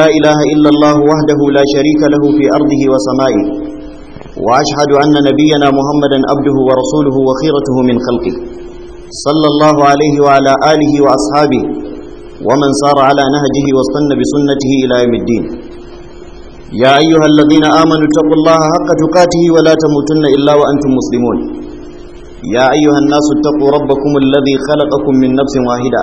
لا إله إلا الله وحده لا شريك له في أرضه وسمائه وأشهد أن نبينا محمدا عبده ورسوله وخيرته من خلقه صلى الله عليه وعلى آله وأصحابه ومن صار على نهجه واصطن بسنته إلى يوم الدين يا أيها الذين آمنوا اتقوا الله حق تقاته ولا تموتن إلا وأنتم مسلمون يا أيها الناس اتقوا ربكم الذي خلقكم من نفس واحدة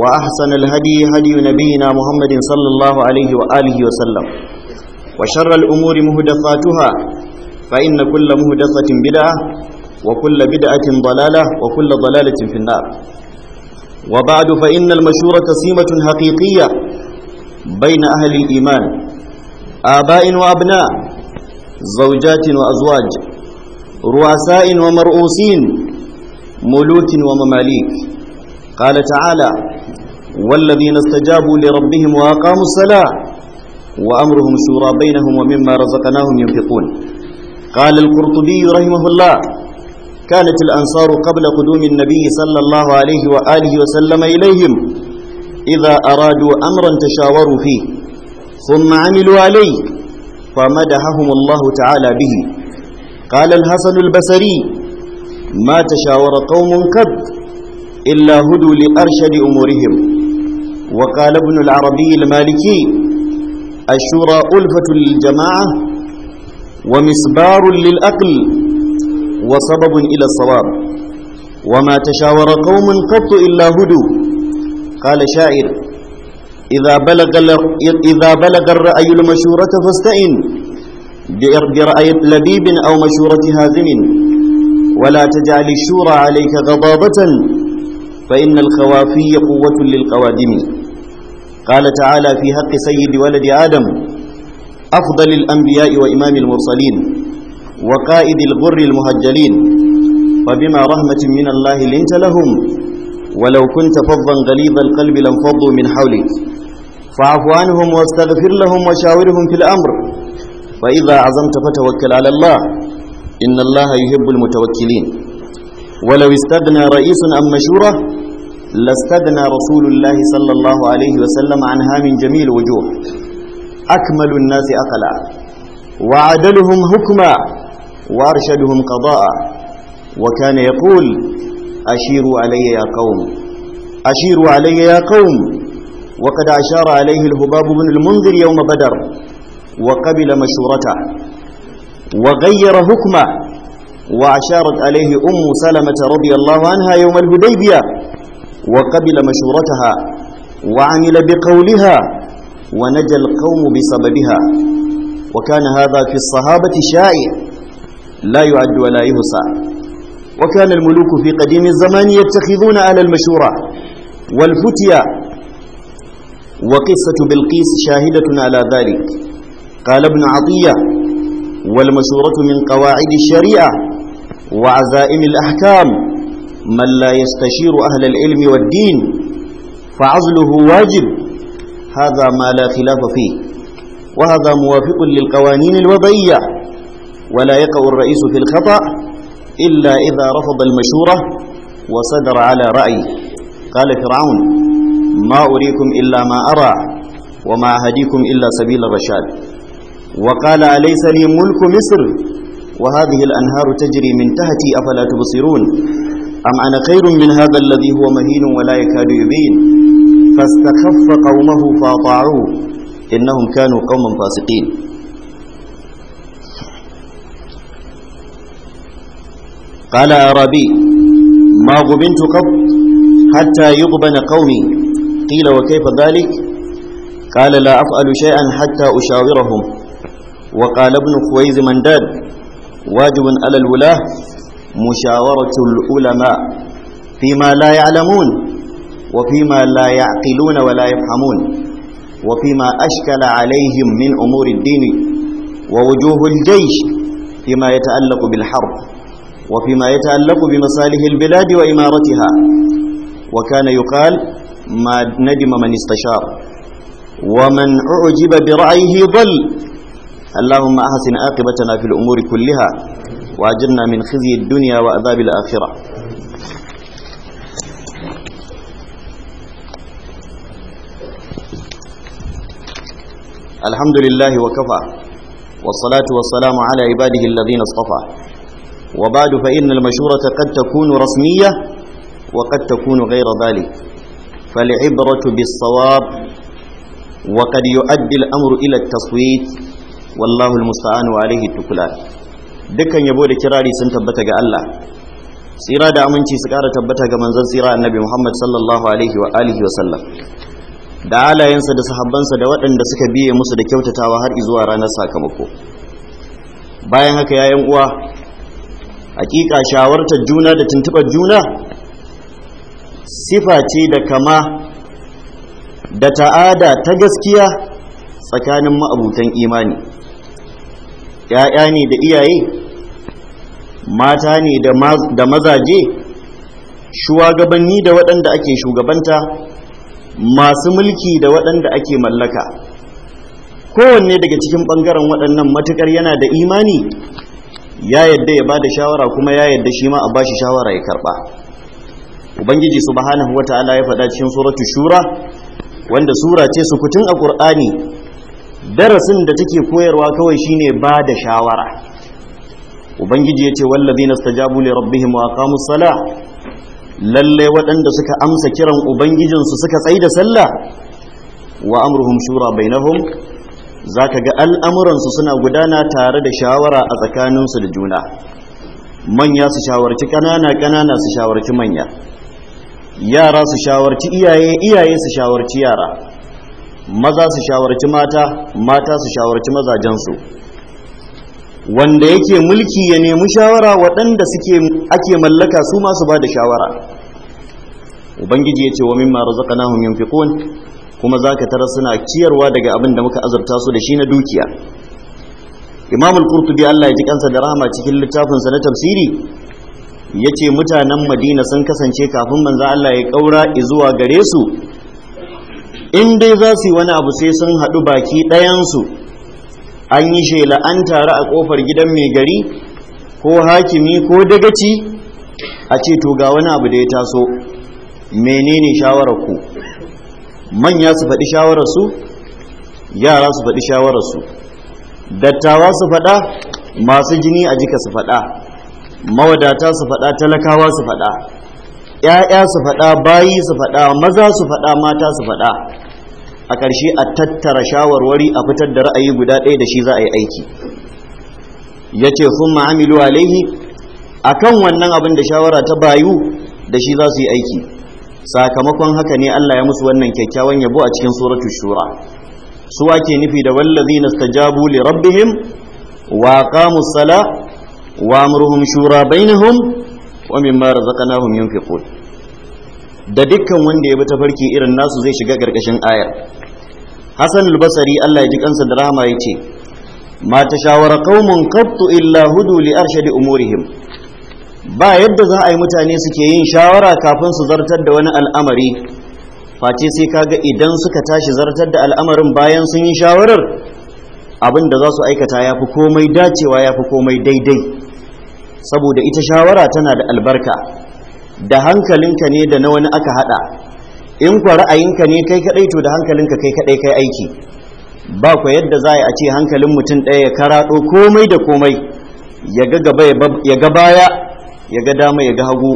وأحسن الهدي هدي نبينا محمد صلى الله عليه وآله وسلم وشر الأمور مهدفاتها فإن كل مهدفة بدعة وكل بدعة ضلالة وكل ضلالة في النار وبعد فإن المشورة سيمة حقيقية بين أهل الإيمان آباء وأبناء زوجات وأزواج رؤساء ومرؤوسين ملوك ومماليك قال تعالى والذين استجابوا لربهم وأقاموا الصلاة وأمرهم شورى بينهم ومما رزقناهم ينفقون قال القرطبي رحمه الله كانت الأنصار قبل قدوم النبي صلى الله عليه وآله وسلم إليهم إذا أرادوا أمرا تشاوروا فيه ثم عملوا عليه فمدحهم الله تعالى به قال الحسن البصري ما تشاور قوم قد إلا هدوا لأرشد أمورهم وقال ابن العربي المالكي الشورى ألفة للجماعة ومسبار للأقل وسبب إلى الصواب وما تشاور قوم قط إلا هدوا قال شاعر إذا بلغ, إذا بلغ الرأي المشورة فاستئن برأي لبيب أو مشورة هازم ولا تجعل الشورى عليك غضاضة فإن الخوافي قوة للقوادم قال تعالى في حق سيد ولد آدم أفضل الأنبياء وإمام المرسلين وقائد الغر المهجلين فبما رحمة من الله لنت لهم ولو كنت فظا غليظ القلب لانفضوا من حولك فاعف عنهم واستغفر لهم وشاورهم في الأمر فإذا عزمت فتوكل على الله إن الله يحب المتوكلين ولو استغنى رئيس عن مشورة لاستغنى رسول الله صلى الله عليه وسلم عنها من جميل الوجوه أكمل الناس أقلا وعدلهم حكما وأرشدهم قضاء وكان يقول أشيروا علي يا قوم أشيروا علي يا قوم وقد أشار عليه الهباب بن المنذر يوم بدر وقبل مشورته وغير حكمه وأشارت عليه أم سلمة رضي الله عنها يوم الهديبية وقبل مشورتها وعمل بقولها ونجى القوم بسببها وكان هذا في الصحابة شائع لا يعد ولا يهصى وكان الملوك في قديم الزمان يتخذون على المشورة والفتية وقصة بلقيس شاهدة على ذلك قال ابن عطية والمشورة من قواعد الشريعة وعزائم الأحكام من لا يستشير أهل العلم والدين فعزله واجب هذا ما لا خلاف فيه وهذا موافق للقوانين الوضعية ولا يقع الرئيس في الخطأ إلا إذا رفض المشورة وصدر على رأيه قال فرعون ما أريكم إلا ما أرى وما أهديكم إلا سبيل الرشاد وقال أليس لي ملك مصر وهذه الأنهار تجري من تحتي أفلا تبصرون أم أنا خير من هذا الذي هو مهين ولا يكاد يبين فاستخف قومه فاطاعوه إنهم كانوا قوما فاسقين قال أرابي ما غبنت قط حتى يغبن قومي قيل وكيف ذلك قال لا أفعل شيئا حتى أشاورهم وقال ابن خويز منداد واجب على الولاة مشاورة العلماء فيما لا يعلمون وفيما لا يعقلون ولا يفهمون وفيما أشكل عليهم من أمور الدين ووجوه الجيش فيما يتعلق بالحرب وفيما يتعلق بمصالح البلاد وإمارتها وكان يقال ما ندم من استشار ومن أعجب برأيه ضل اللهم أحسن آقبتنا في الأمور كلها وأجرنا من خزي الدنيا وعذاب الآخرة الحمد لله وكفى والصلاة والسلام على عباده الذين اصطفى وبعد فإن المشورة قد تكون رسمية وقد تكون غير ذلك فالعبرة بالصواب وقد يؤدي الأمر إلى التصويت والله المستعان عليه التكلان dukkan yabo da kirari sun tabbata ga Allah tsira da aminci su ƙara tabbata ga manzon tsira annabi Muhammad sallallahu alaihi wa alihi wa sallam da halayensa da sahabbansa da waɗanda suka biye musu da kyautatawa har zuwa ranar sakamako bayan haka yayin uwa hakika shawartar juna da tuntubar juna sifa ce da kama da ta'ada ta gaskiya tsakanin ma'abutan imani ya'ya ne da iyaye mata ne da mazaje shugabanni da waɗanda ake shugabanta masu mulki da waɗanda ake mallaka kowanne daga cikin ɓangaren waɗannan matuƙar yana da imani ya yadda ya ba da shawara kuma ya yadda shi ma a ba shi shawara ya karɓa ubangiji subhanahu ala ya faɗa cikin suratu shura wanda sura ce sukutun a ƙur'ani darasin da take koyarwa kawai shine ba da shawara ubangiji ya ce wallazina stajabu li rabbihim wa aqamu salah lalle waɗanda suka amsa kiran ubangijinsu suka tsayi da sallah wa amruhum shura bainahum zaka ga al'amuransu suna gudana tare da shawara a tsakanin su da juna manya su shawarci ƙanana ƙanana su shawarci manya yara su shawarci iyaye iyaye su shawarci yara maza su shawarci mata mata su shawarci mazajensu wanda yake mulki ya nemi shawara waɗanda suke ake mallaka su masu ba da shawara ubangiji ya ce wa mimma razaqnahum yunfiqun kuma zaka tara suna ciyarwa daga abin da muka azurta su da shi na dukiya Imamul kurtu qurtubi Allah ya ji kansa da rahama cikin littafin sa na tafsiri yace mutanen madina sun kasance kafin manzo Allah ya kaura zuwa gare su in dai za su yi wani abu sai sun haɗu baki ɗayansu an yi shela an tare a ƙofar gidan mai gari ko hakimi ko dagaci a ce to ga wani abu da ya taso menene ku? manya su faɗi shawararsu yara su faɗi shawararsu dattawa su faɗa masu jini a jika su faɗa mawadata su faɗa talakawa su faɗa ‘ya'ya su faɗa bayi su faɗa maza su faɗa mata su faɗa a ƙarshe a tattara shawarwari a fitar da ra'ayi guda ɗaya da shi za a yi aiki ya ce sun ma'amilu alaihi a kan wannan abin da shawara ta bayu da shi za su yi aiki sakamakon haka ne allah ya musu wannan kyakkyawan yabo a cikin suratu shura su ke nufi da wallazi na stajabu li rabbihim wa qamu sala wa amruhum shura bainahum wa mimma razaqnahum yunfiqun da dukkan wanda ya bi tafarki irin nasu zai shiga ƙarƙashin ayar hasan albasari allah ya ji kansa da rahama ya ce ma ta shawara kaumun kattu illa hudu li arshadi umurihim ba yadda za a yi mutane suke yin shawara kafin su zartar da wani al'amari face sai kaga idan suka tashi zartar da al'amarin bayan sun yi shawarar abinda da za su aikata ya fi komai dacewa ya fi komai daidai saboda ita shawara tana da albarka da hankalinka ne da na wani aka hada in kwa ra'ayinka ne kai kadai to da hankalinka kai kadai kai aiki ba ku yadda za a ce hankalin mutum ɗaya ya karaɗo komai da komai ya ga baya ya ga dama ya ga hagu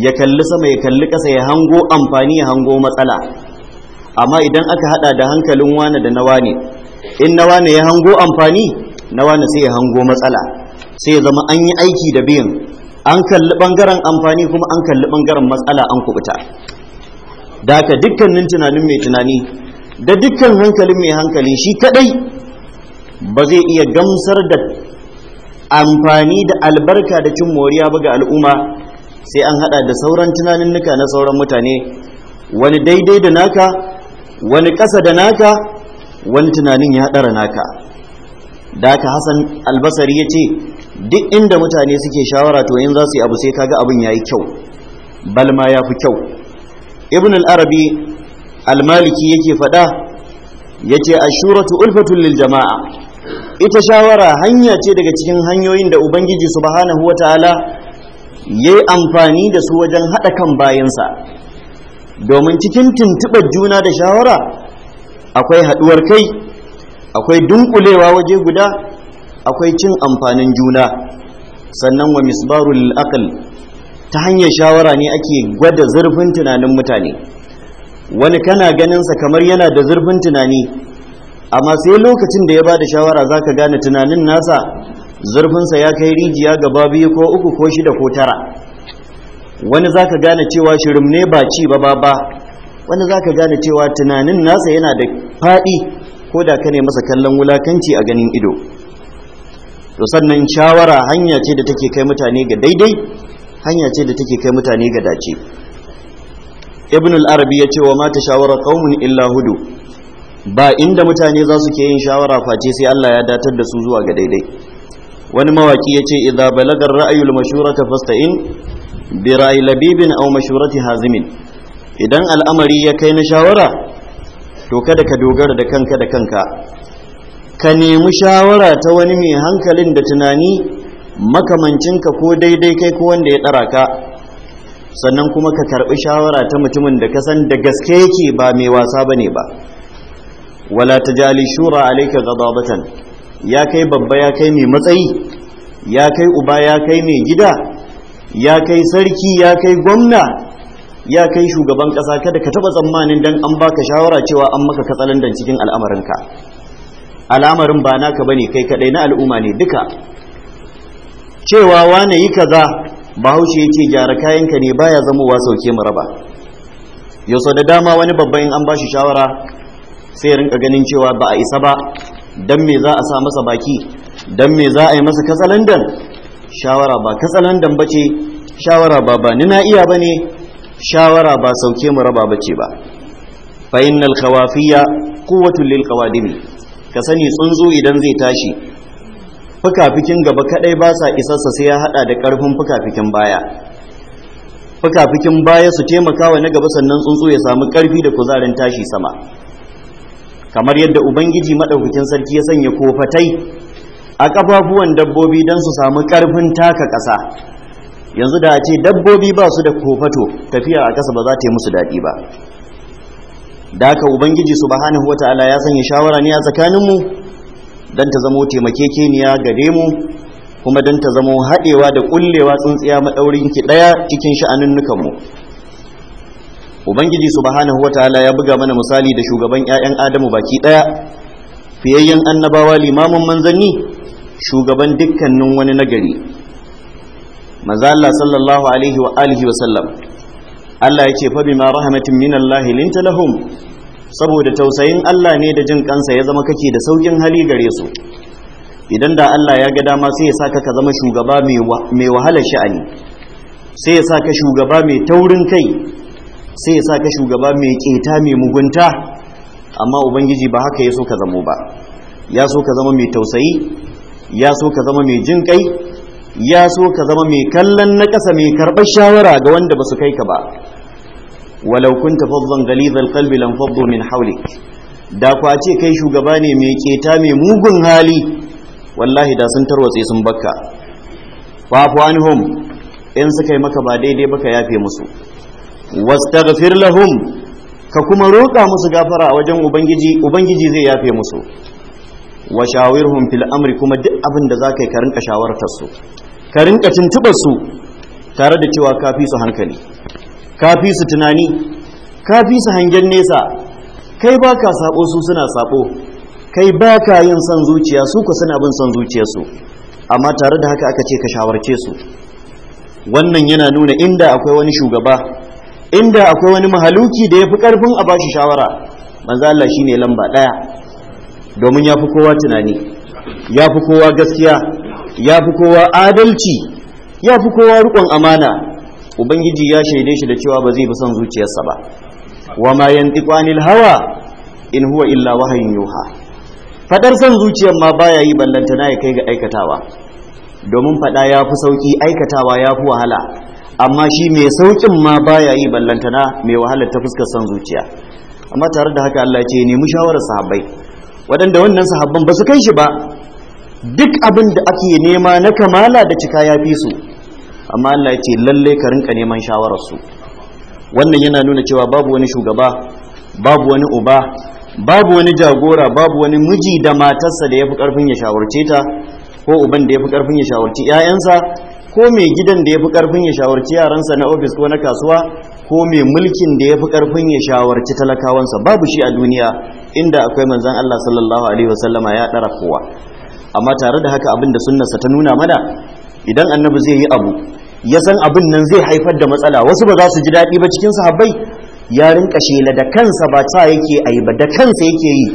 ya kalli sama ya kalli ƙasa ya hango amfani ya hango matsala amma idan aka hada da hankalin wane da na wane in na wane ya hango amfani na wane sai ya hango matsala sai ya zama an yi aiki da biyan an kalli bangaren amfani kuma an kalli bangaren matsala an kubuta da haka dukkanin tunanin mai tunani da dukkan hankalin mai hankali shi kadai ba zai iya gamsar da amfani da albarka da cin moriya ba ga al'umma sai an hada da sauran tunanin nuka na sauran mutane wani daidai da naka wani kasa da naka wani tunanin ya dara naka da haka hassan albasari ya ce duk inda mutane suke shawara to in za su yi abu sai kaga abin ya yi kyau balma ya fi kyau ibn al-arabi al-maliki yake faɗa yace ashuratu ulfatun lil jama'a ita shawara hanya ce daga cikin hanyoyin da ubangiji su subhanahu ya yi amfani da su wajen haɗa kan bayansa domin cikin tuntuɓar juna da shawara akwai haɗuwar kai akwai dunkulewa waje guda akwai cin amfanin juna sannan wa misbarul aql ta hanyar shawara ne ake gwada zurfin tunanin mutane wani kana ganinsa kamar yana da zurfin tunani amma sai lokacin da ya ba da shawara za ka gane tunanin nasa zurfinsa ya kai rijiya gaba biyu ko uku ko shida ko tara wani za ka gane cewa shirim ne ba ci ba ba wani za ka gane cewa tunanin nasa yana da faɗi ko da ka ne masa kallon wulakanci a ganin ido to sannan shawara hanya ce da take kai mutane ga daidai hanya ce da take kai mutane ga dace ibn al-arabi ya ce wa mata shawara qaumun illa hudu ba inda mutane za su ke yin shawara face sai Allah ya datar da su zuwa ga daidai wani mawaki ya ce idza balagar ra'ayul mashurata fasta'in bi ra'yi labibin aw mashurati hazimin idan al'amari ya kai na shawara to kada ka dogara da kanka da kanka ka nemi shawara ta wani mai hankalin da tunani makamancinka ko daidai kai ko wanda ya ɗara ka sannan kuma ka karɓi shawara ta mutumin da ka san da gaske yake ba mai wasa ba ne ba wala ta jali shura alaika gadabatan ya kai babba ya kai mai matsayi ya kai uba ya kai mai gida ya kai sarki ya kai gwamna ya kai shugaban ƙasa kada ka taɓa tsammanin don an baka shawara cewa an maka katsalandan cikin al'amarinka al'amarin ba naka bane kai kadai na al'umma ne duka cewa wane yi kaza bahaushe ya ce gyara kayanka ne baya wa sauke mu raba yau da dama wani babban in an ba shi shawara sai ya rinka ganin cewa ba a isa ba don me za a sa masa baki don me za a yi masa katsalandan shawara ba katsalandan ba shawara ba ba nina iya ba shawara ba sauke mu raba ba fa ba fa'innal kawafiya lil qawadimi ka sani tsuntsu idan zai tashi fukafikin gaba kadai ba sa isarsa sai ya hada da karfin fukafikin baya fukafikin baya su taimakawa na gaba sannan tsuntsu ya samu karfi da kuzarin tashi sama kamar yadda ubangiji madaukakin sarki ya sanya kofatai a kafafuwan dabbobi don su samu karfin taka ƙasa yanzu da a ce dabbobi ba su da kofato tafiya a ƙasa ba za ta yi musu daɗi ba da haka ubangiji subhanahu wataala ya sanya shawara ne a tsakaninmu don ta zamo taimakekeniya gare mu kuma don ta zamo haɗewa da ƙullewa tsintsiya maɗaurin ki ɗaya cikin mu ubangiji subhanahu wataala ya buga mana misali da shugaban 'ya'yan adamu baki ɗaya fiyayyen annabawa limamin manzanni shugaban dukkanin wani nagari maza sallallahu alaihi wa alihi wa sallam Allah ya ce fa ma rahmatin Allah linta lahum saboda tausayin Allah ne da jin kansa ya zama kake da saukin hali gare su idan da Allah ya ga dama sai ya saka ka zama shugaba mai wahala sha'ani sai ya saka shugaba mai taurin kai sai ya saka shugaba mai keta mai mugunta amma ubangiji ba haka ya so ka zamo ba ya so ka zama mai tausayi ya so ka zama mai jin kai ya so ka zama mai kallon na ƙasa mai karɓar shawara ga wanda ba su kai ka ba walau kunta faddan ghalizal qalbi lam min haulik. da ku a ce kai shugaba ne mai keta mai mugun hali wallahi da sun tarwatse sun bakka fafu hum in suka yi maka ba daidai baka yafe musu wastaghfir lahum ka kuma roƙa musu gafara a wajen ubangiji ubangiji zai yafe musu wa shawirhum fil amri kuma duk abin da za ka yi karinka shawartar su ka rinka tuntubar su tare da cewa ka su hankali ka su tunani ka su hangen nesa kai baka ka sabo su suna sabo kai baka yin son zuciya su ku suna bin son zuciyarsu amma tare da haka aka ce ka shawarce su wannan yana nuna inda akwai wani shugaba inda akwai wani mahaluki da ya fi karfin a bashi shawara manzo Allah shine lamba daya domin ya fi kowa tunani ya fi kowa gaskiya ya fi kowa adalci ya fi kowa rikon amana ubangiji ya shaide shi da cewa ba zai fi son zuciyarsa ba wa ma yantiqanil hawa in huwa illa wahayin yuha fadar son zuciyar ma baya yi ballantana ya kai ga aikatawa domin fada ya fi sauki aikatawa ya fi wahala amma shi mai saukin ma baya yi ballantana mai wahalar ta fuskar son zuciya amma tare da haka Allah ya ce nemi shawarar sahabbai waɗanda wannan sahabban ba su kai shi ba duk abin da ake nema na kamala da cika ya fi su amma Allah ya ce lalle ka rinka neman shawararsu wannan yana nuna cewa babu wani shugaba babu wani uba babu wani jagora babu wani miji da matarsa da ya fi ya shawarce ta ko uban da ya fi ya shawarci 'ya'yansa ko mai gidan da yafi karfin ƙarfin ya shawarci yaransa na ofis ko na kasuwa ko mai mulkin da ya fi ƙarfin ya shawarci talakawansa babu shi a duniya inda akwai manzan Allah sallallahu alaihi wasallama ya ɗara kowa amma tare da haka abin da sunnarsa ta nuna mana idan annabi zai yi abu ya san abin nan zai haifar da matsala wasu ba za su ji daɗi ba cikin sahabbai ya rinka shela da kansa ba ta yake a yi ba da kansa yake yi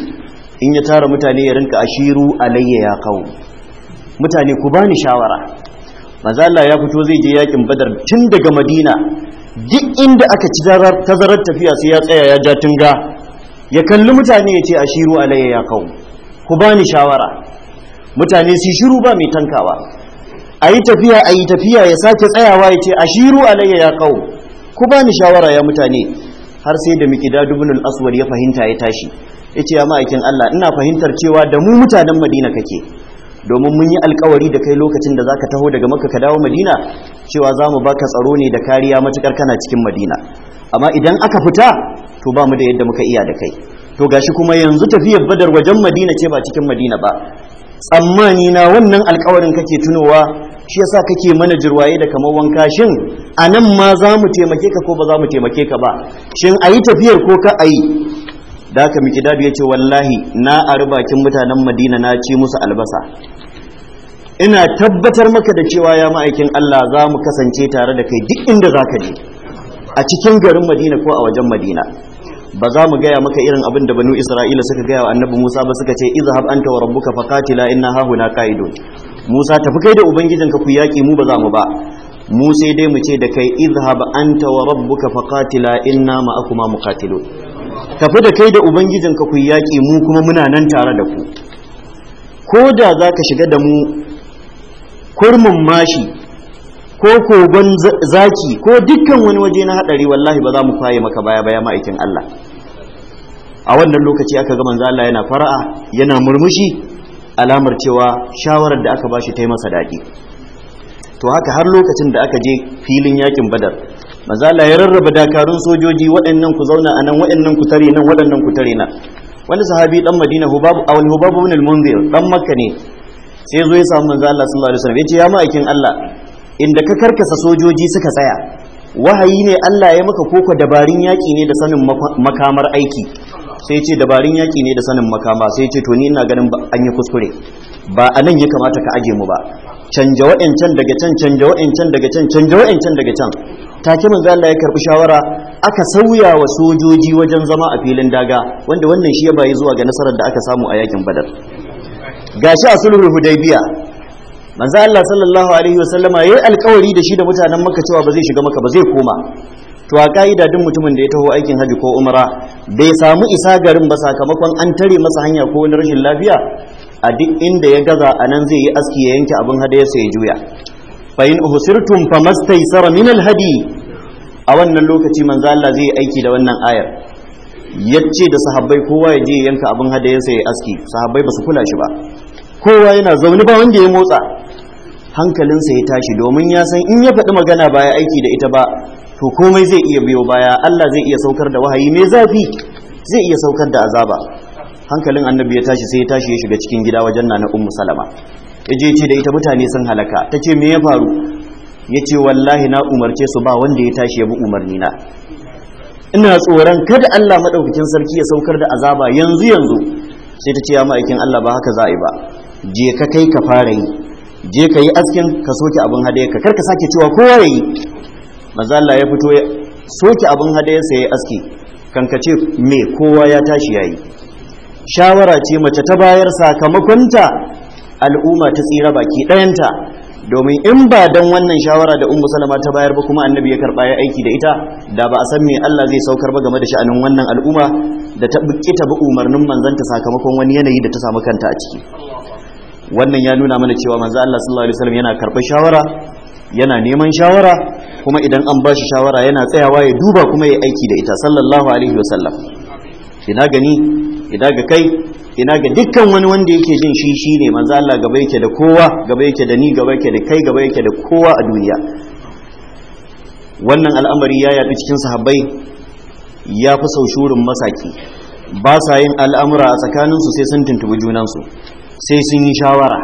in ya tara mutane ya rinka ashiru alayya ya kawo mutane ku bani shawara Mazalla ya fito zai je yakin badar tun daga madina duk inda aka ci tazarar tafiya sai ya tsaya ya ja tunga ya kalli mutane ya ce a shiru alayya ya kawo ku ba ni shawara mutane su shiru ba mai tankawa a yi tafiya a yi tafiya ya sake tsayawa ya ce a shiru alayya ya kawo ku ba ni shawara ya mutane har sai da mikida dubunin aswar ya fahimta ya tashi ya ce ya ma'aikin allah ina fahimtar cewa da mu mutanen madina kake domin mun yi alkawari da kai lokacin da zaka taho daga maka ka dawo madina cewa za mu ka tsaro ne da kariya matukar kana cikin madina amma idan aka fita to ba mu da yadda muka iya da kai to gashi kuma yanzu tafiyar badar wajen madina ce ba cikin madina ba tsammani na wannan alkawarin kake tunowa shi yasa kake mana jirwaye da kamar wanka shin anan ma za mu taimake ka ko ba za mu taimake ka ba shin ayi tafiyar ko ka ayi da aka ya ce wallahi na ari bakin mutanen madina na ci musu albasa ina tabbatar maka da cewa ya ma'aikin Allah za mu kasance tare da kai duk inda za ka je a cikin garin madina ko a wajen madina ba za mu gaya maka irin abin da banu isra'ila suka gaya wa annabi musa ba suka ce izhab anta wa rabbuka faqatila inna hahuna qa'idun musa tafi kai da ubangijinka ku yaki mu ba za mu ba mu sai dai mu ce da kai izhab anta wa rabbuka faqatila inna ma'akuma muqatilun tafi da kai da ubangijin ka ku yaƙi mu kuma muna nan tare da ku ko da za ka shiga da mu kurmin mashi ko kogon zaki ko dukkan wani waje na haɗari wallahi ba za mu kwaye maka baya baya ma'aikin Allah a wannan lokaci aka ga manzo Allah yana fara'a yana murmushi alamar cewa shawarar da aka bashi ta yi masa daɗi to haka har lokacin da aka je filin yakin badar maza ya rarraba dakarun sojoji waɗannan ku zauna anan waɗannan ku tare nan waɗannan ku tare nan wani sahabi dan Madina Hubab awal Hubab ibn al-Munzir dan Makka ne sai zo ya samu manzo Allah sallallahu alaihi wasallam yace ya ma'aikin Allah inda ka karkasa sojoji suka tsaya wahayi ne Allah ya maka koko dabarun yaki ne da sanin makamar aiki sai ce dabarun yaki ne da sanin makama sai ce to ni ina ganin an yi kuskure ba anan ya kamata ka aje mu ba canja wa'ancan daga can canja wa'ancan daga can canja wa'ancan daga can take manzo Allah ya karbi shawara aka sauya wa sojoji wajen zama a filin daga wanda wannan shi ya bayi zuwa ga nasarar da aka samu a yakin badar shi a sulhu hudaybiya manzo Allah sallallahu alaihi wasallama yayi alƙawari da shi da mutanen maka cewa ba zai shiga Makka ba zai koma to a ka'ida duk mutumin da ya taho aikin hajji ko umara bai samu isa garin ba sakamakon an tare masa hanya ko wani rashin lafiya a duk inda ya gaza a nan zai yi aski ya yanke abin hada ya juya fa in uhsirtum famastaysara min alhadi a wannan lokaci manzo Allah zai aiki da wannan ayar yace da sahabbai kowa ya je yanka abin hadayarsa ya aski sahabbai ba su kula shi ba kowa yana zaune ba wanda ya motsa hankalinsa ya tashi domin ya san in ya faɗi magana ba ya aiki da ita ba to komai zai iya biyo baya Allah zai iya saukar da wahayi mai zafi zai iya saukar da azaba hankalin annabi ya tashi sai ya tashi ya shiga cikin gida wajen na ummu salama ya je ce da ita mutane sun halaka ta ce me ya faru ya ce wallahi na umarce su ba wanda ya tashi ya bi umarni na ina tsoron kada Allah maɗaukakin sarki ya saukar da azaba yanzu yanzu sai ta ce ya ma'aikin Allah ba haka za a yi ba je ka kai ka fara yi je ka yi askin ka soke abin hadaya ka karka sake cewa kowa ya yi maza Allah ya fito ya soke abin hadaya sai ya aski kankace me kowa ya tashi ya yi shawara ce mace ta bayar sakamakonta al'umma ta tsira baki ɗayanta domin in ba don wannan shawara da umu salama ta bayar ba kuma annabi ya karɓa ya aiki da ita da ba a san me Allah zai saukar ba game da sha'anin wannan al'umma da ta buƙi ta bi umarnin manzanta sakamakon wani yanayi da ta samu kanta a ciki wannan ya nuna mana cewa manzo Allah sallallahu alaihi wasallam yana karɓar shawara yana neman shawara kuma idan an ba shawara yana tsayawa ya duba kuma ya aiki da ita sallallahu alaihi wasallam ina gani ina ga kai ina ga dukkan wani wanda yake jin shi shi ne, manzo Allah gaba yake da kowa gaba yake da ni gaba yake da kai gaba yake da kowa a duniya wannan al'amari ya yaɗu cikin sahabbai ya fi sau shurin masaki ba sa yin al'amura a tsakaninsu sai sun tuntubi junansu sai sun yi shawara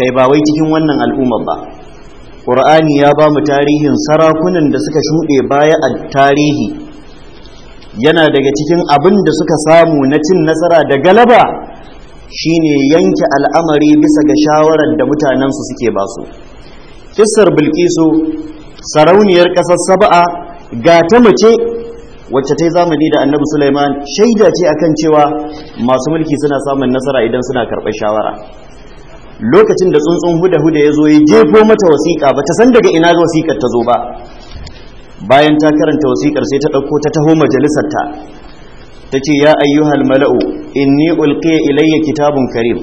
kai ba wai cikin wannan al'ummar ba ƙur'ani ya ba mu tarihin sarakunan da suka shuɗe baya a tarihi yana daga cikin abin da suka samu na cin nasara da galaba shine yanke al'amari bisa ga shawarar da mutanensu suke basu kissar bilkisu sarauniyar ƙasar saba'a ga ta mace wacce ta yi zamani da annabi suleiman shaida ce a kan cewa masu mulki suna samun nasara idan suna karɓar shawara lokacin da tsuntsun huda huda ya zo ya jefo mata wasiƙa ba ta san daga ina wasiƙar ta zo ba bayan ta karanta wasiƙar sai ta ɗauko ta taho majalisarta ta ce ya ayyuhal mala'u inni ulqiya ilayya kitabun karim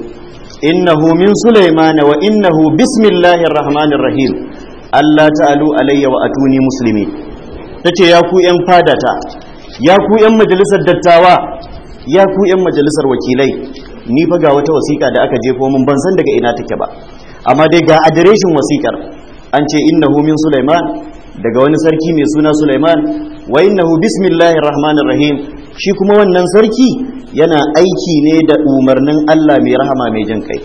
innahu min sulaimana wa innahu bismillahir rahmanir rahim Allah ta'alu alayya wa atuni muslimi tace ya ku yan fadata ya ku yan majalisar dattawa ya ku yan majalisar wakilai ni fa ga wata wasiƙa da aka jefo min ban san daga ina take ba amma dai ga adireshin wasiƙar an ce innahu min Sulaiman daga wani sarki mai suna Sulaiman wa innahu bismillahir rahmanir rahim shi kuma wannan sarki yana aiki ne da umarnin Allah mai rahama mai jin kai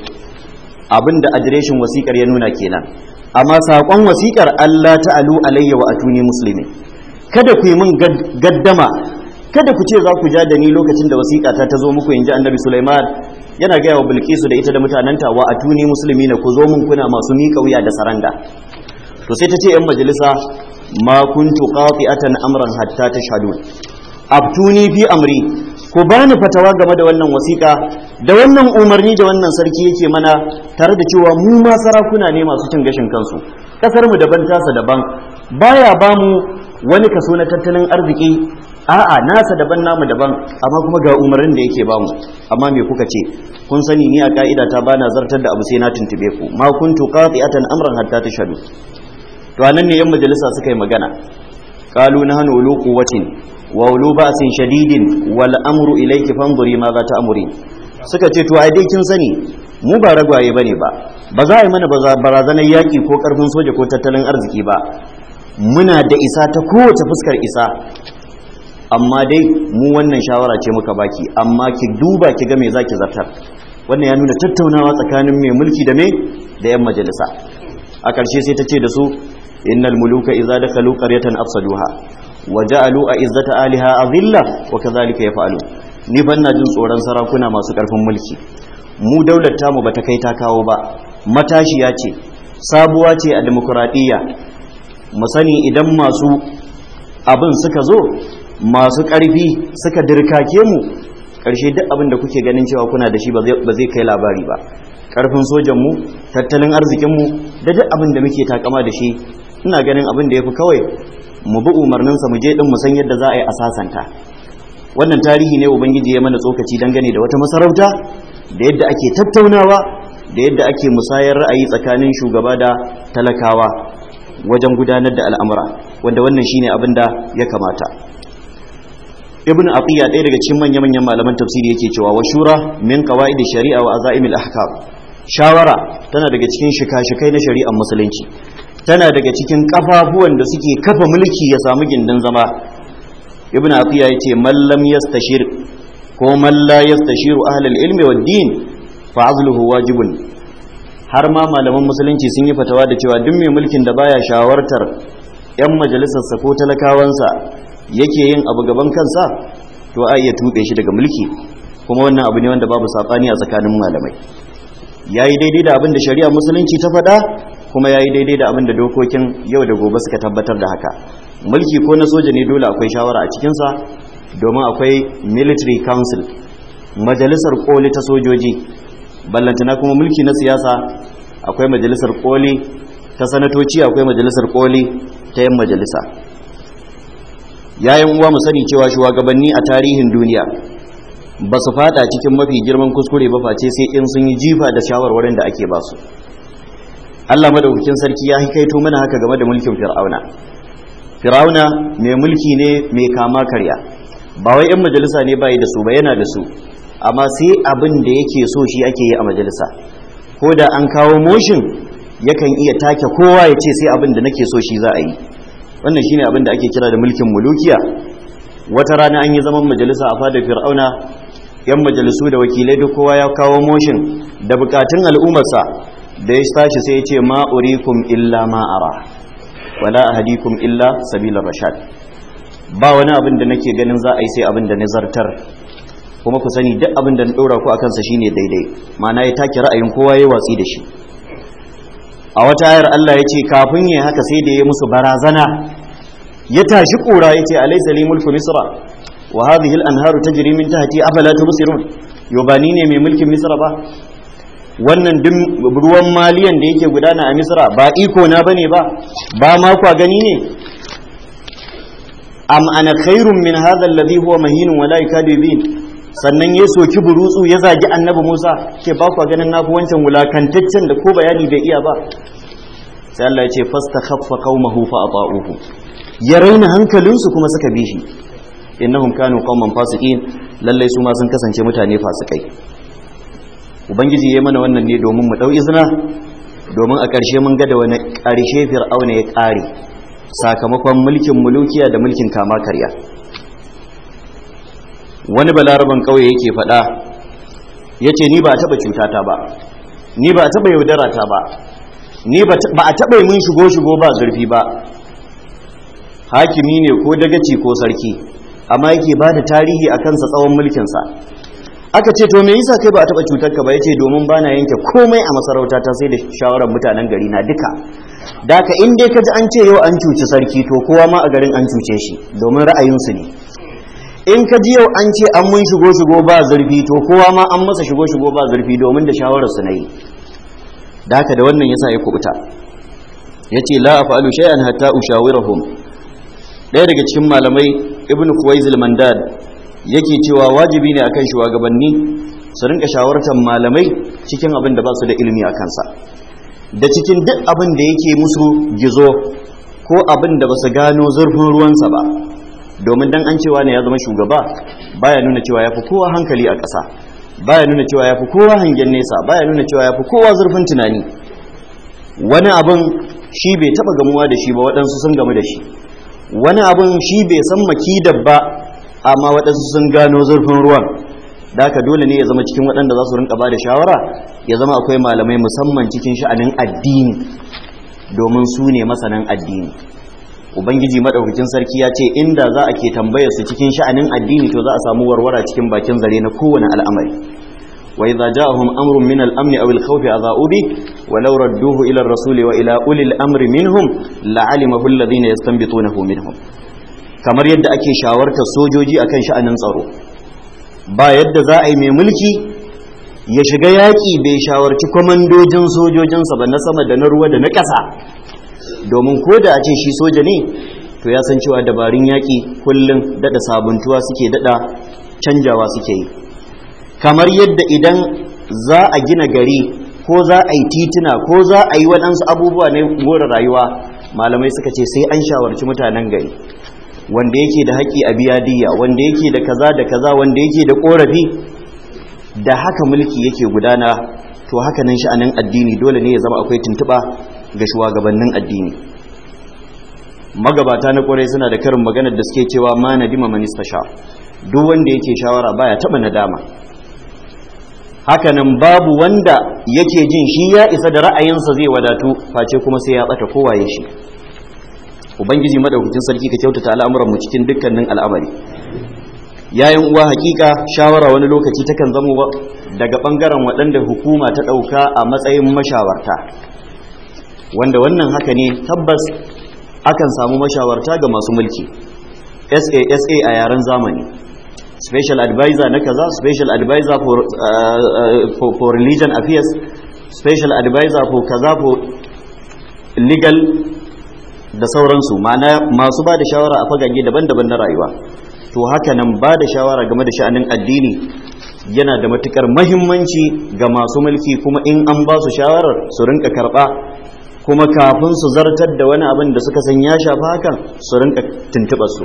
abinda adireshin wasikar ya nuna kenan amma sakon wasikar Allah ta'alu alayya wa atuni muslimin kada ku yi min gaddama kada ku ce za ku ja da ni lokacin da wasiƙata ta zo muku in ji annabi Sulaiman yana gaya wa Bilkisu da ita da mutanenta wa atuni musulmi na ku zo mun kuna masu miƙa wuya da saranda to sai ta ce yan majalisa ma kuntu qati'atan amran hatta tashhadun abtuni fi amri ku bani fatawa game da wannan wasiƙa da wannan umarni da wannan sarki yake mana tare da cewa mu ma sarakuna ne masu cin gashin kansu kasar mu daban tasa daban baya ba mu wani kaso na tattalin arziki a'a nasa daban namu daban amma kuma ga umarnin da yake bamu amma me kuka ce kun sani ni a ka'ida ta bana zartar da abu sai na tuntube ku ma kuntu qati'atan amran hatta tashhadu to anan ne yan majalisa suka yi magana qalu nahnu ulu quwwatin wa ulu ba'sin shadidin wal amru ilayki fanzuri ma za ta'muri suka ce to ai dai kin sani mu ba ragwaye bane ba ba za a yi mana barazanar yaki ko karfin soja ko tattalin arziki ba muna da isa ta kowace fuskar isa amma dai mu wannan shawara ce muka baki amma ki duba ki ga me zaki zartar wannan ya nuna tattaunawa tsakanin mai mulki da mai da yan majalisa a ƙarshe sai ta ce da su innal muluka idza dakalu qaryatan afsaduha wa a a'izzata aliha azilla wa kadhalika yaf'alu ni ban na jin tsoron sarakuna masu karfin mulki mu daular tamu bata kai ta kawo ba matashiya ce sabuwa ce a demokradiyya mu sani idan masu abin suka zo masu karfi suka dirkake mu karshe duk abin da kuke ganin cewa kuna da shi ba zai kai labari ba karfin sojanmu tattalin arzikinmu da duk abin da muke takama da shi ina ganin abin da ya fi kawai mu bi umarninsa mu je din mu san yadda za a yi a sasanta wannan tarihi ne ubangiji ya mana tsokaci dangane da wata masarauta da yadda ake tattaunawa da yadda ake musayar ra'ayi tsakanin shugaba da talakawa wajen gudanar da al'amura wanda wannan shine abin da ya kamata ibn aqiya ɗaya daga cikin manya-manyan malaman tafsiri yake cewa wa shura min qawaid shari'a wa azaimil ahkam shawara tana daga cikin shika-shikai na shari'ar musulunci tana daga cikin kafafuwan da suke kafa mulki ya samu gindin zama ibn afiya ya ce mallam yastashir ko malla yastashiru ahlul ilmi wad din fa azluhu wajibun har ma malaman musulunci sun yi fatawa da cewa duk mai mulkin da baya shawartar yan majalisarsa ko talakawansa yake yin abu gaban kansa to a iya tuɓe shi daga mulki kuma wannan abu ne wanda babu saɓani a tsakanin malamai yayi daidai da abin da shari'a musulunci ta faɗa kuma ya yi daidai da abin da dokokin yau da gobe suka tabbatar da haka mulki ko na soja ne dole akwai shawara a cikinsa domin akwai military council majalisar koli ta sojoji ballantana kuma mulki na siyasa akwai majalisar koli ta sanatoci akwai majalisar koli ta yan majalisa yayin uwa musani sani cewa shugabanni a tarihin duniya ba su fada cikin mafi girman kuskure ba face sai in sun yi jifa da shawarwarin da ake ba su Allah madaukakin sarki ya hikaito mana haka game da mulkin fir'auna fir'auna mai mulki ne mai kama karya ba wai 'yan majalisa ne bai da su ba yana da su amma sai abin da yake so shi ake yi a majalisa ko da an kawo moshin yakan iya take kowa ya ce sai abin da nake so shi za a yi wannan shine abin da ake kira da mulkin mulukiya wata rana an yi zaman majalisa a fadar fir'auna yan majalisu da wakilai duk kowa ya kawo moshin da bukatun al'ummarsa da ya tashi sai ya ce ma illa ma wala ahadikum illa sabila rashad ba wani abin da nake ganin za a yi sai abin da nazartar kuma ku sani duk abin da na daura ku akan sa shine daidai mana ya taki ra'ayin kowa ya watsi da shi a wata ayar Allah ya ce kafin ya haka sai da ya musu barazana ya tashi kura ya ce alaysa li mulku misra wa hadhihi al-anharu tajri min tahti afala tubsirun yo ba ni ne mai mulkin misra ba wannan ruwan maliyan da yake gudana a misra ba iko na bane ba ba ma kwa gani ne am ana khairun min hadha alladhi huwa mahinun wa la yakadibin sannan ya soki burutsu ya zagi annabi Musa ke ba kwa ganin nafi wancan wulakantaccen da ko bayani bai iya ba sai Allah ya ce fastakhaffa qaumahu fa ata'uhu ya raina hankalinsu kuma suka bi shi innahum kanu qauman fasiqin lalle su ma sun kasance mutane fasikai ubangiji ya mana wannan ne domin mu ɗau izina domin a ƙarshe mun ga da wani ƙarshe fir'auna ya ƙare sakamakon mulkin mulukiya da mulkin kama karya wani balaraban ƙauye yake faɗa ya ni ba a taɓa cutata ba ni ba a taɓa yaudarata ba ni ba a taɓa yi mun shigo-shigo ba zurfi ba hakimi ne ko dagaci ko sarki amma yake bada tarihi a kansa tsawon mulkinsa aka ce to me yasa kai ba a taba cutar ka ba yace domin bana yanke komai a masarauta ta sai da shawaran mutanen gari na duka daka in dai kaji an ce yau an cuci sarki to kowa ma a garin an cuce shi domin ra'ayinsu ne in ka ji yau an ce an mun shigo shigo ba zurfi to kowa ma an masa shigo shigo ba zurfi domin da shawararsu su nayi da da wannan yasa ya kubuta yace la afalu shay'an hatta ushawirahum daya daga cikin malamai ibnu Kuwais mandad yake cewa wajibi ne akan shugabanni su rinka shawartar malamai cikin abin da ba su da ilimi a kansa da cikin duk abin da yake musu gizo ko abin da ba su gano zurfin ruwansa ba domin dan an cewa ne ya zama shugaba baya nuna cewa ya fi kowa hankali a ƙasa baya nuna cewa ya fi kowa hangen nesa baya nuna cewa ya fi kowa zurfin tunani wani abin shi bai taba gamuwa da shi ba waɗansu sun gamu da shi wani abin shi bai san maki dabba amma waɗansu sun gano zurfin ruwan da haka dole ne ya zama cikin waɗanda za su rinka ba da shawara ya zama akwai malamai musamman cikin sha'anin addini domin su ne masanan addini ubangiji madaukakin sarki ya ce inda za a ke tambayar su cikin sha'anin addini to za a samu warwara cikin bakin zare na kowane al'amari wa idza ja'ahum amrun min al-amn aw al-khawf adha'u bi wa law radduhu ila ar-rasul wa ila ulil amri minhum la'alimahu alladhina yastanbitunahu minhum kamar yadda ake shawartar sojoji a kan sha'anin tsaro ba yadda za a yi mai mulki ya shiga yaƙi bai shawarci kwamandojin sojojinsa ba na sama da na ruwa da na ƙasa domin ko da a ce shi soja ne to ya san cewa dabarun yaƙi kullum daɗa sabuntuwa suke daɗa canjawa suke yi kamar yadda idan za a gina gari ko za a yi titina ko za a yi waɗansu abubuwa na more rayuwa malamai suka ce sai an shawarci mutanen gari wanda yake da haƙƙi a biya diya wanda yake da kaza da kaza wanda yake da ƙorafi da haka mulki yake gudana to haka nan sha'anin addini dole ne ya zama akwai tuntuɓa ga shugabannin addini magabata na ƙwarai suna da karin maganar da suke cewa ma dima nista sha, duk wanda yake shawara baya taɓa nadama nan babu wanda yake jin shi ya isa da ra'ayinsa zai wadatu face kuma sai ya tsaka kowaye shi ubangiji madaukakin sarki ka kyautata al'amuran mu cikin dukkanin al'amari yayin uwa hakika shawara wani lokaci takan zama daga bangaren waɗanda hukuma ta ɗauka a matsayin mashawarta wanda wannan haka ne tabbas akan samu mashawarta ga masu mulki SASA a yaren zamani special advisor na kaza special advisor for, uh, for, uh, for religion affairs special advisor for kaza for legal da sauransu ma'ana masu ba da shawara a fagage daban-daban na rayuwa to haka nan ba da shawara game da sha'anin addini yana da matukar mahimmanci ga masu mulki kuma in an ba su shawarar su rinka karba kuma kafin su zartar da wani abin da suka san ya shafa hakan su rinka tuntuɓa su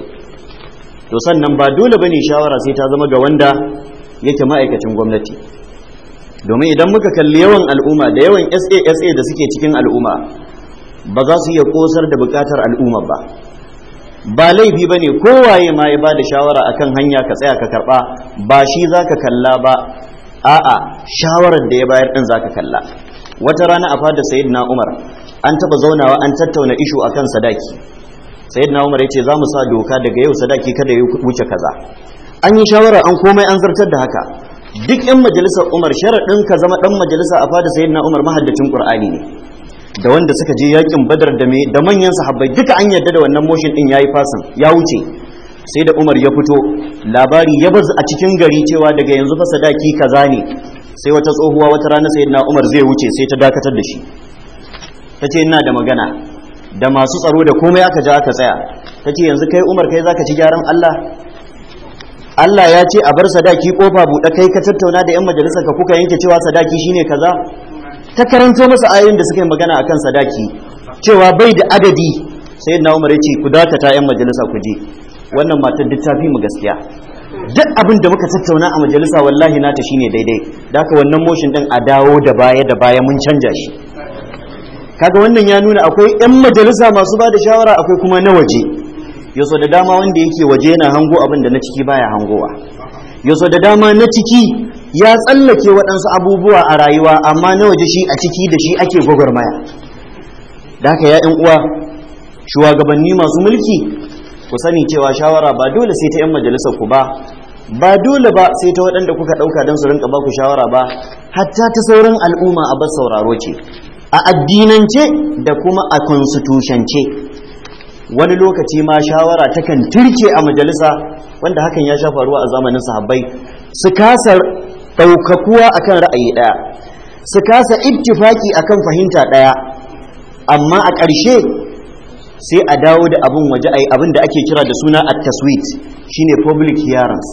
to sannan ba dole bane shawara sai ta zama ga wanda yake ma'aikacin gwamnati domin idan muka kalli yawan al'umma da yawan SASA da suke cikin al'umma ba za su iya kosar da bukatar al'umma ba ba laifi ba ne kowaye ma ya ba da shawara akan hanya ka tsaya ka karba ba shi za ka kalla ba a'a shawarar da ya bayar din za ka kalla wata rana a fada na umar an taba zaunawa an tattauna ishu akan sadaki na umar ya ce za mu sa doka daga yau sadaki kada ya wuce kaza an yi shawara an komai an zartar da haka duk yan majalisar umar sharaɗin ka zama ɗan majalisa a fada na umar mahaddacin ƙur'ani ne da wanda suka je yakin badar da me da manyan sahabbai duka an yarda da wannan motion din yayi fasin ya wuce sai da Umar ya fito labari ya bazu a cikin gari cewa daga yanzu fa sadaki kaza ne sai wata tsohuwa wata rana sayyidina Umar zai wuce sai ta dakatar da shi tace ina da magana da masu tsaro da komai aka ja aka tsaya tace yanzu kai Umar kai zaka ci gyaran Allah Allah ya ce a bar sadaki kofa buɗe kai ka tattauna da 'yan majalisar ka kuka yanke cewa sadaki shine kaza ta karanto masa ayoyin da suka yi magana kan sadaki cewa bai da adadi sai na umar ya ce ku ta yan majalisa ku je wannan matar duk ta fi mu gaskiya duk abin da muka tattauna a majalisa wallahi nata ne daidai da haka wannan motion din a dawo da baya da baya mun canja shi kaga wannan ya nuna akwai yan majalisa masu ba da shawara akwai kuma na waje yaso da dama wanda yake waje yana hango abin da na ciki baya hangowa yaso da dama na ciki ya tsallake waɗansu abubuwa a rayuwa amma na waje shi a ciki da shi ake gwagwarmaya da haka ya uwa shugabanni masu mulki ku sani cewa shawara ba dole sai ta 'yan majalisar ku ba ba dole ba sai ta waɗanda kuka ɗauka don su rinka ba ku shawara ba hatta ta sauran al'umma a bar sauraro ce a addinance da kuma a konstitushance. wani lokaci ma shawara takan turke a majalisa wanda hakan ya sha faruwa a zamanin sahabbai su kasa ɗaukakuwa akan ra'ayi ɗaya su kasa ittifaki akan fahimta ɗaya amma a ƙarshe sai a dawo da abin waje abin da ake kira da suna at taswit shine public hearings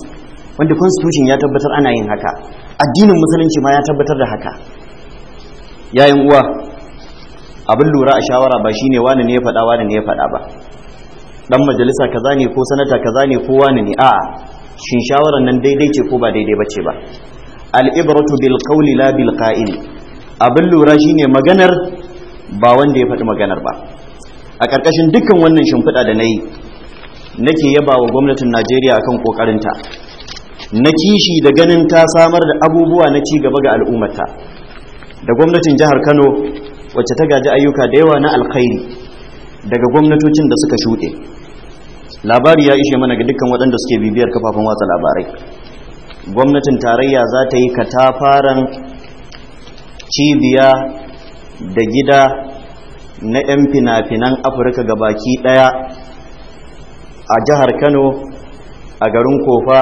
wanda constitution ya tabbatar ana yin haka addinin musulunci ma ya tabbatar da haka yayin uwa abin lura a shawara ba shine wani ne ya faɗa wani ne ya faɗa ba dan majalisa kaza ne ko sanata kaza ne ko wani ne a'a shin shawaran nan daidai ce ko ba daidai bace ba al'ibratu bil la bil abin lura shine maganar ba wanda ya faɗi maganar ba a ƙarƙashin dukkan wannan shimfiɗa da na yi nake yaba wa gwamnatin najeriya akan ƙoƙarinta na kishi da ganin ta samar da abubuwa na ci gaba ga al'ummata da gwamnatin jihar kano wacce ta gaji ayyuka da yawa na alkhairi daga gwamnatocin da suka shuɗe labari ya ishe mana ga dukkan waɗanda suke bibiyar kafafen watsa labarai gwamnatin tarayya za ta yi katafaren cibiya da gida na 'yan fina-finan afirka ga baki daya a jihar kano a garin kofa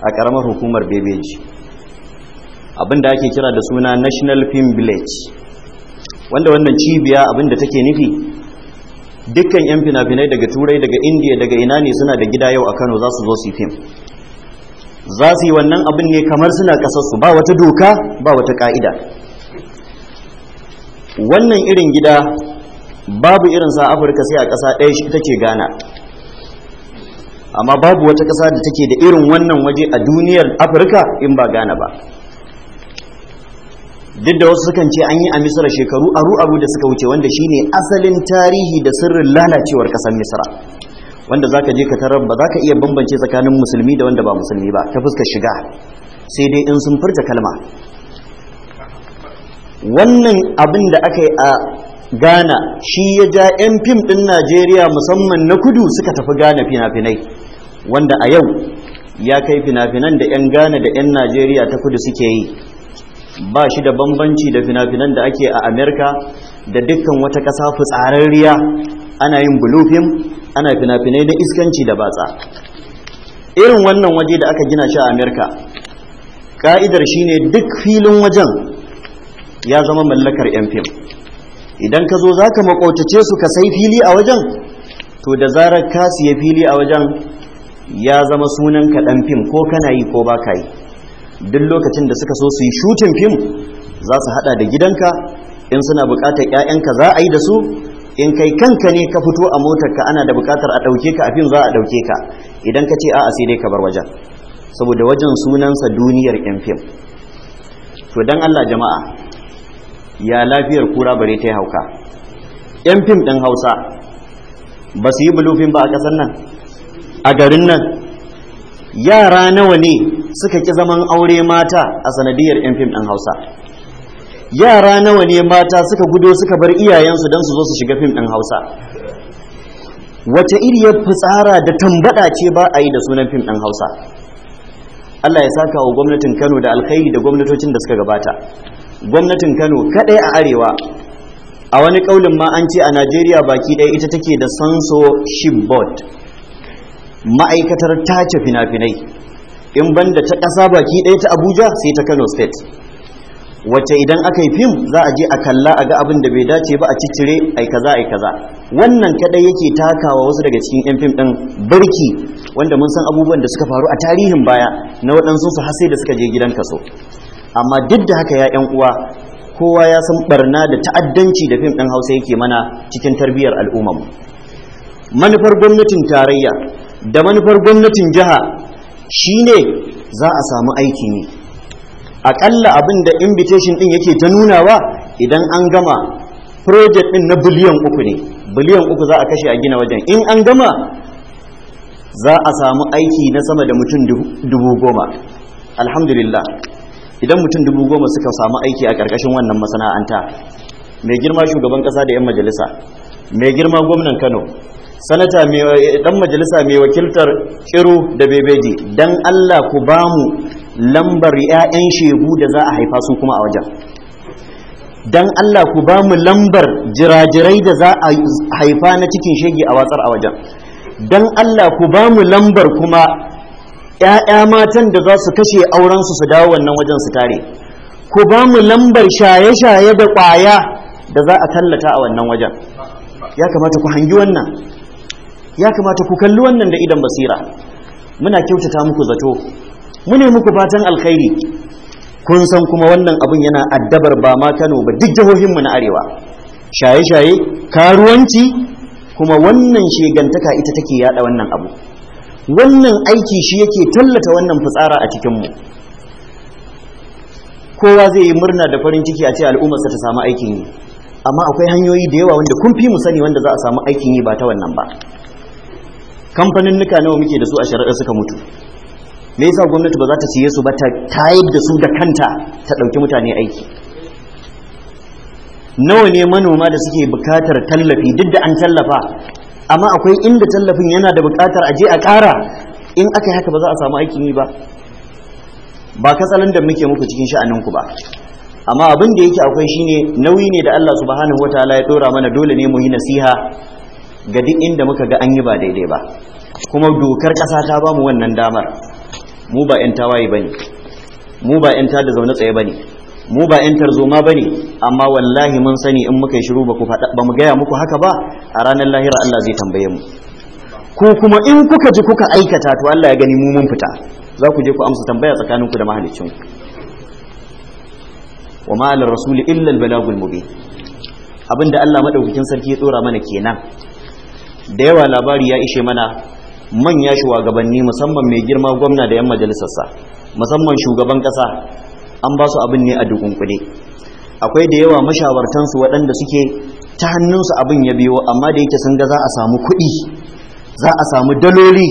a karamar hukumar bebeji abinda ake kira da suna national film village wanda wannan cibiya abinda take nufi dukkan 'yan fina-finai daga turai daga indiya daga ina ne suna da gida yau a kano za su zo su fim za su yi wannan abin ne kamar suna su ba wata doka ba wata ka'ida wannan irin gida babu irinsa a afirka sai a ƙasa ɗaya shi take gana amma babu wata ƙasa da take da irin wannan waje a duniyar afirka in ba gana ba duk da wasu sukan ce an yi a misira shekaru aru-aru da suka wuce wanda shine asalin tarihi da sirrin lalacewar ƙasar misira wanda zaka je ka tarar ba zaka iya bambance tsakanin musulmi da wanda ba musulmi ba ta fuskar shiga sai dai in sun furta kalma wannan abin da aka yi a Ghana shi ya ja 'yan fim ɗin Najeriya musamman na kudu suka tafi Ghana fina-finai wanda a yau ya kai fina-finan da 'yan Ghana da 'yan Najeriya ta kudu suke yi ba shi da bambanci da fina-finan da ake a Amerika da dukkan wata ƙasa fitsararriya ana yin bulufin ana fina-finai na iskanci da batsa irin wannan waje da aka gina shi a amerika ka'idar ne duk filin wajen ya zama mallakar yan fim idan ka zo za ka makwautace su ka sai fili a wajen to da zarar ka siya fili a wajen ya zama sunan ka dan fim ko kana yi ko ba ka yi duk lokacin da suka so su yi shutin fim za su hada da gidanka in suna bukatar 'ya'yanka za a yi da su in kai kanka ne ka fito a motar ka ana da bukatar a dauke ka a fim za a dauke ka idan ka ce a'a sai dai ka bar wajen saboda wajen sunansa duniyar yan fim to don Allah jama'a ya lafiyar kura bare ta yi hauka yan fim ɗin Hausa ba su yi bulufin ba a ƙasar nan a garin nan yara nawa ne suka ki zaman aure mata a sanadiyar yan fim ɗin Hausa yara nawa ne mata suka gudo suka bar iyayensu don su zo su shiga fim ɗin hausa wace iriyar fitsara da tambada ce ba a yi da sunan fim ɗin hausa allah ya saka wa gwamnatin kano da alkhairi da gwamnatocin da suka gabata gwamnatin kano kaɗai a arewa a wani ƙaulin ma an ce a najeriya baki ɗaya ita take da sanso shibbot ma'aikatar tace fina-finai in banda ta ƙasa baki ɗaya ta abuja sai ta kano state wacce idan aka yi fim za a je a kalla a ga abin da bai dace ba a ciccire ai kaza ai kaza wannan kadai yake takawa wasu daga cikin yan fim ɗin, barki wanda mun san abubuwan da suka faru a tarihin baya na waɗansu su har sai da suka je gidan kaso amma duk da haka ya yan uwa kowa ya san barna da ta'addanci da fim ɗin Hausa yake mana cikin tarbiyyar al'ummar manufar gwamnatin tarayya da manufar gwamnatin jiha shine za a samu aiki ne. akalla abin da invitation din yake ta nunawa idan an gama project din na biliyan uku ne biliyan uku za a kashe a gina wajen in an gama za a samu aiki na sama da mutum dubu goma alhamdulillah idan mutum dubu goma suka samu aiki a ƙarƙashin wannan masana'anta mai girma shugaban ƙasa da 'yan majalisa mai girma gwamnan kano sanata mai dan majalisa mai wakiltar kiro da bebeji don allah ku ba mu lambar 'ya'yan shegu da za a haifa su kuma a wajen Don Allah ku ba mu lambar jirajirai da za a haifa na cikin shege a watsar a wajen Don Allah ku ba mu lambar kuma 'ya'ya matan da za su kashe aurensu su dawo wannan wajen su tare ku ba mu lambar shaye-shaye da ƙwaya da za a tallata a wannan wajen ya kamata ku hangi wannan ya kamata ku kalli wannan da idan basira muna kyautata muku zato mu muku fatan alkhairi kun san kuma wannan abun yana addabar ba ma Kano ba duk jihohinmu na arewa shaye-shaye karuwanci kuma wannan shegantaka ita take yada wannan abu wannan aiki shi yake tallata wannan fitsara a cikinmu kowa zai yi murna da farin ciki a ce al'ummarsa ta samu aikin yi amma akwai hanyoyi da yawa wanda kun fi mu sani wanda za a samu aikin yi ba ta wannan ba kamfanin nuka nawa muke da su a shari'ar suka mutu me yasa gwamnati ba za ta siye su ba ta tayar da su da kanta ta ɗauki mutane aiki nawa ne manoma da suke bukatar tallafi duk da an tallafa amma akwai inda tallafin yana da bukatar aje a ƙara in aka yi haka ba za a samu aikin yi ba ba katsalan da muke muku cikin sha'aninku ba amma abin da yake akwai shine nauyi ne da Allah subhanahu wataala ya dora mana dole ne mu yi nasiha ga duk inda muka ga an yi ba daidai ba kuma dokar ƙasa ta bamu wannan damar mu ba 'yan tawaye ba ne mu ba 'yan tada zaune tsaye ba ne mu ba 'yan tarzoma ba ne amma wallahi mun sani in muka yi shiru ba mu gaya muku haka ba a ranar lahira Allah zai tambaye mu ko kuma in kuka ji kuka aikata to Allah ya gani mu mun fita za ku je ku amsa tambaya tsakaninku da mahalicinku wa ma'alar rasuli illa albalagul mubin abinda Allah madaukakin sarki ya tsora mana kenan da yawa labari ya ishe mana manya shugabanni musamman mai girma gwamna da 'yan majalisarsa musamman shugaban ƙasa an ba su abin ne a dukunkule akwai da yawa mashawartansu waɗanda suke ta hannunsu abin ya biyo amma da yake sun ga za a samu kuɗi za a samu daloli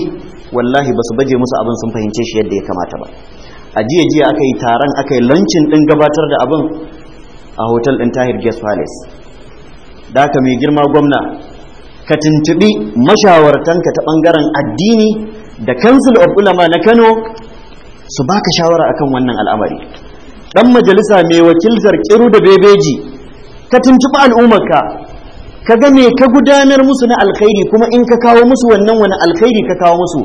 wallahi ba su baje musu abin sun fahimce shi yadda ya kamata ba a jiya jiya aka yi taron aka yi lancin din gabatar da abin a hotel ɗin tahir guest palace da aka mai girma gwamna ka tuntubi mashawartanka ta ɓangaren addini da council of ulama na Kano su baka shawara akan wannan al'amari Ɗan majalisa mai wakiltar kiru da bebeji ka tuntubi al'ummarka ka ga me ka gudanar musu na alkhairi kuma in ka kawo musu wannan wani alkhairi ka kawo musu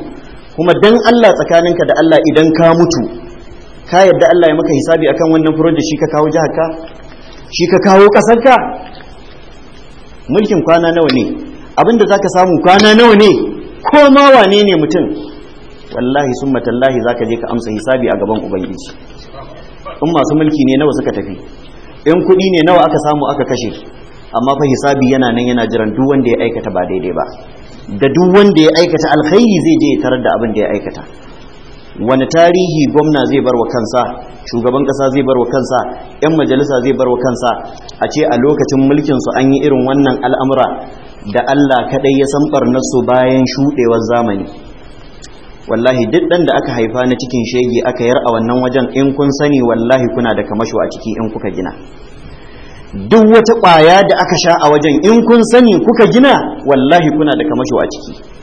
kuma dan Allah tsakaninka da Allah idan ka mutu ka yadda Allah ya maka hisabi akan wannan project shi ka kawo jihar ka shi ka kawo kasar ka mulkin kwana nawa ne abinda zaka samu kwana nawa ne ko ma wane ne mutum wallahi summa tallahi zaka je ka amsa hisabi a gaban ubangiji in masu mulki ne nawa suka tafi in kuɗi ne nawa aka samu aka kashe amma fa hisabi yana nan yana jiran duk wanda ya aikata ba daidai ba da duk wanda ya aikata alkhairi zai je ya tarar da abin da ya aikata wani tarihi gwamna zai barwa kansa shugaban kasa zai barwa kansa yan majalisa zai barwa kansa a ce a lokacin mulkinsu an yi irin wannan al'amura da Allah kaɗai ya san nasu bayan shuɗewar zamani wallahi duk ɗan da aka haifa na cikin shege aka yar a wannan wajen in kun sani wallahi kuna da kamasho a ciki in kuka gina duk wata ƙwaya da aka sha a wajen in kun sani kuka gina wallahi kuna da kamasho a ciki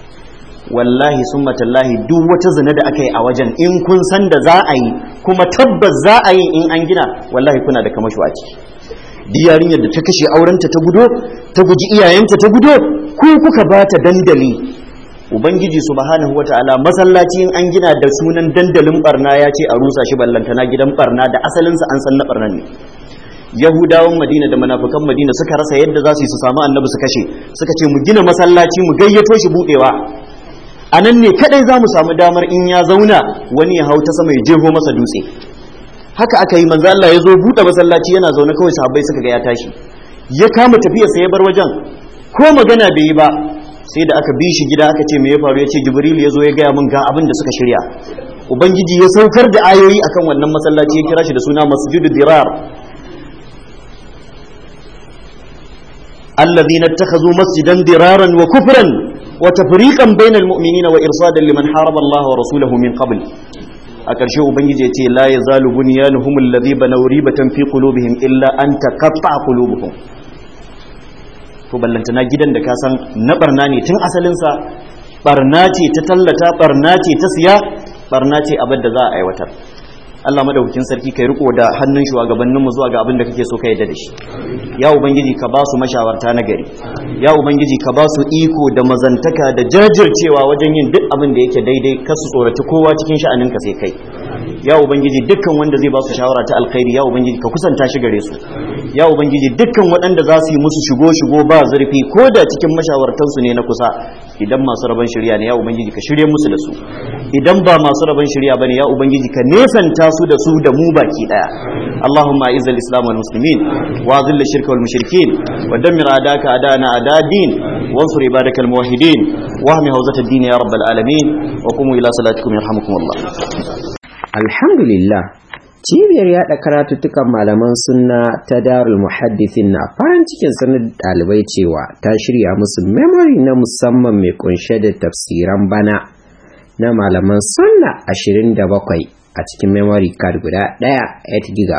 wallahi sun matallahi duk wata zina da aka yi a wajen in kun san da za a yi kuma tabbas za a yi in an gina wallahi kuna da kamashu a ciki diyarin yadda ta kashe aurenta ta gudo ta guji iyayenta ta gudo ku kuka ba ta dandali ubangiji subhanahu ta'ala masallaci in an gina da sunan dandalin barna ya ce a rusa shi ballantana gidan barna da asalinsa an san na barnan ne yahudawan madina da munafukan madina suka rasa yadda za su yi su samu annabi su kashe suka ce mu gina masallaci mu gayyato shi budewa a nan ne kadai za mu samu damar in ya zauna wani ya hau ta sama ya jeho masa dutse haka aka yi manzo Allah ya zo buɗe masallaci yana zaune kawai sahabbai suka ga ya tashi ya kama tafiya sai ya bar wajen ko magana bai yi ba sai da aka bi shi gida aka ce me ya faru ya ce jibril ya zo ya gaya mun ga abin da suka shirya ubangiji ya saukar da ayoyi akan wannan masallaci ya kira shi da suna masjidu dirar Allah allazina takhazu masjidan diraran wa kufran wa tafriqan bainal mu'minina wa irsadan liman haraba Allah wa rasulahu min qabl a ƙarshe ubangiji ya ce la yazalu bunyanuhum allazi banaw ribatan fi qulubihim illa an taqatta qulubuhum to ballantana gidan da ka san na barna ne tun asalinsa barna ce ta tallata barna ta siya barnace ce abin da za a aiwatar Allah madaukakin sarki kai riko da hannun shugabanninmu zuwa ga abin da kake so ka yadda da shi ya ubangiji ka ba su mashawarta na gari ya ubangiji ka ba su iko da mazantaka da jajircewa wajen yin duk abin da yake daidai ka su tsoraci kowa cikin sha'anin ka sai kai ya ubangiji dukkan wanda zai ba su shawara ta alkhairi ya ubangiji ka kusanta shi gare su ya ubangiji dukkan waɗanda za su yi musu shigo shigo ba zurfi ko da cikin mashawartansu ne na kusa idan masu rabon shirya ne ya ubangiji ka shirye musu da su idan ba masu rabon shirya bane ya ubangiji ka nesanta su da su da mu baki daya Allahumma izza al-islam wal muslimin wa zill shirka wal mushrikin wa dammir adaka adana adadin wansur ibadaka al muwahhidin wa ahmi hawzat ad-din ya rabbal alamin wa qumu ila salatikum yarhamukum Allah alhamdulillah cibiyar yada karatuttukan malaman sunna ta darul muhaddithin na farin cikin sanar da ɗalibai cewa ta shirya musu memory na musamman mai kunshe da tafsiran bana na malaman sunna 27 a cikin memory card guda ɗaya 8 gb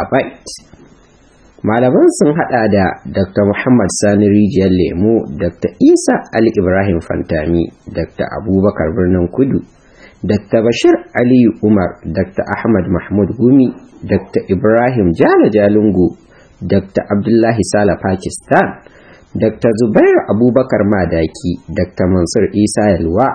malaman sun hada da dr muhammad sani rijiyar lemu dr isa ali ibrahim fantami dr abubakar birnin kudu Dr. Bashir Ali Umar, Dr. Ahmad Mahmud Gumi, Dr. Ibrahim Jala Jalingo, Dr. Abdullahi Sala Pakistan, Dr. Zubair Abubakar Madaki, Dr. Mansur Isa Yalwa,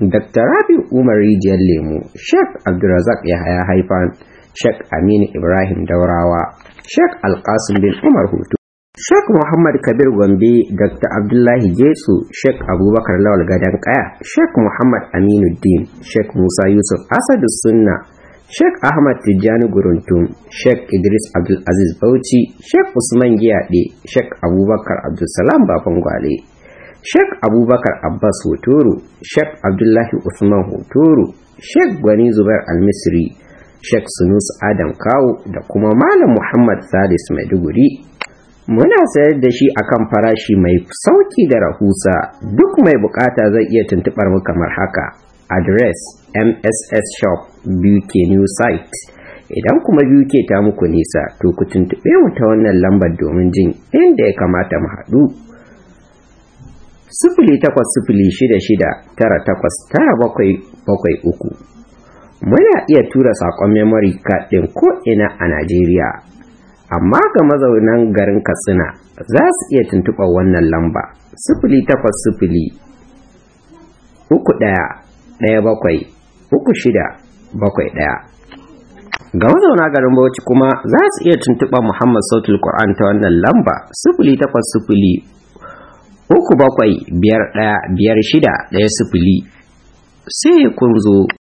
Dr. Rabi Umar Rijiyar Lemu, Sheikh Abdulrazak Yahaya Haifan, Sheikh Aminu Ibrahim Daurawa, Sheikh Alkasim bin Umar Hutu. Sheikh Muhammad Kabir Gombe, Dr. Abdullahi Jesu, Sheikh Abubakar Lawal Gadan Kaya, Sheikh Muhammad Aminuddin, Sheikh Musa Yusuf Asadu Sunna, Sheikh Ahmad Tijjani Guruntum, Sheikh Idris Abdul Aziz Bauchi, Sheikh Usman Giyade, Sheikh Abubakar Abdulsalam Babangwale, Sheikh Abubakar Abbas Huturu Sheikh Abdullahi Usman huturu Sheikh Gwani Zubair Al-Misri, Sheikh Sunus Adam Kawu da kuma Malam Muhammad Salis Maiduguri muna sayar da shi a kan farashi mai sauki da rahusa duk mai bukata zai iya tuntubar mu kamar haka adres mss shop buk new site idan kuma buk ta muku nisa to ku tuntube mu ta wannan lambar domin jin inda ya kamata mu haɗu sifili takwas shida shida tara takwas tara bakwai bakwai uku muna iya tura saƙon memory card ɗin ko ina a najeriya amma ga mazaunan garin katsina za su iya tuntuɓar wannan lamba sifili takwas sifili uku ɗaya ɗaya bakwai uku shida bakwai ɗaya ga mazauna garin bauchi kuma za su iya tuntuɓar muhammad sautul Kur'an ta wannan lamba sifili takwas sifili uku bakwai biyar ɗaya biyar shida ɗaya sifili sai kun zo